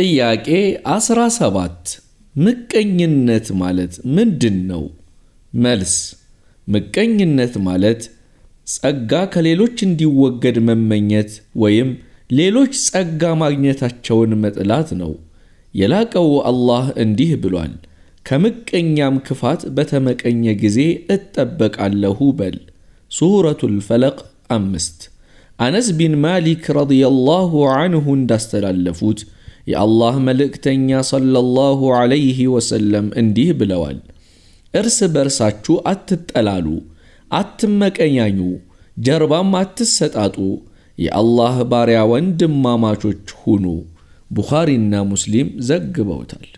ጥያቄ 17 ምቀኝነት ማለት ምንድን ነው? መልስ ምቀኝነት ማለት ጸጋ ከሌሎች እንዲወገድ መመኘት ወይም ሌሎች ጸጋ ማግኘታቸውን መጥላት ነው። የላቀው አላህ እንዲህ ብሏል፣ ከምቀኛም ክፋት በተመቀኘ ጊዜ እጠበቃለሁ በል። ሱረቱል ፈለቅ አምስት አነስ ቢን ማሊክ ረዲየላሁ አንሁ እንዳስተላለፉት የአላህ መልእክተኛ ሰለላሁ ዐለይህ ወሰለም እንዲህ ብለዋል፣ እርስ በርሳችሁ አትጠላሉ፣ አትመቀኛኙ፣ ጀርባም አትሰጣጡ፣ የአላህ ባሪያ ወንድማማቾች ሁኑ። ቡኻሪና ሙስሊም ዘግበውታል።